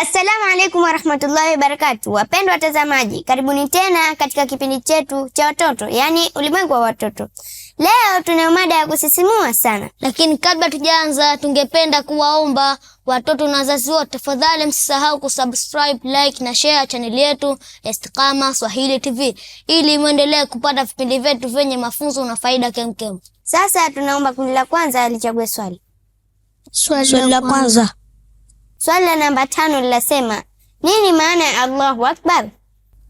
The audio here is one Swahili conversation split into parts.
Assalamu alaikum warahmatullahi wabarakatu, wapendwa watazamaji, karibuni tena katika kipindi chetu cha watoto, yaani ulimwengu wa watoto. Leo tuna mada ya kusisimua sana, lakini kabla tujaanza, tungependa kuwaomba watoto na wazazi wote, tafadhali msisahau kusubscribe, like na share chaneli yetu ya Istiqama Swahili TV ili muendelee kupata vipindi vyetu vyenye mafunzo na faida kemkem. Sasa tunaomba kundi la kwanza lichague swali. Swali la kwanza Swali la namba tano linasema nini maana ya Allahu Akbar?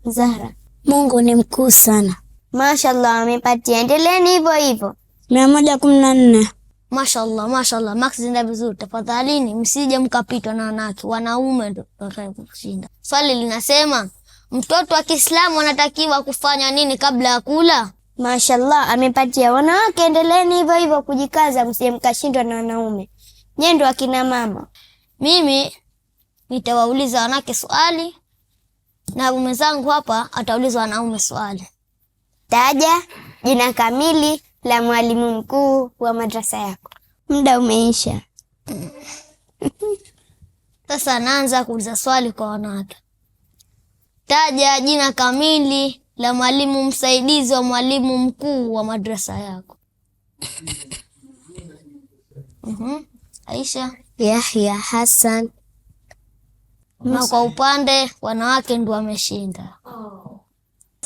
Zahra: Mungu ni mkuu sana. Mashallah, amepatia. Endeleeni hivyo hivyo. mia moja kumi na nne. Mashallah, mashallah, max zinda vizuri. Tafadhalini msije mkapitwa na wanawake, wanaume ndo watakaokushinda. Swali linasema mtoto wa Kiislamu anatakiwa kufanya nini kabla ya kula? Mashallah, amepatia. Wanawake endeleeni hivyo hivyo kujikaza, msije mkashindwa na wanaume. Nyendo akina mama mimi nitawauliza wanawake swali na zangu hapa atauliza wanaume swali. Taja jina kamili la mwalimu mkuu wa madrasa yako. Muda umeisha. Sasa naanza kuuliza swali kwa wanawake. Taja jina kamili la mwalimu msaidizi wa mwalimu mkuu wa madrasa yako. Mhm. Aisha. Yahya Hassan na kwa upande wanawake ndio wameshinda,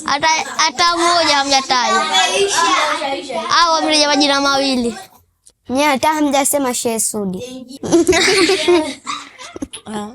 hata hata mmoja hamjataja au amrija majina mawili nyewe, hata hamjasema Sheikh Sudi eh?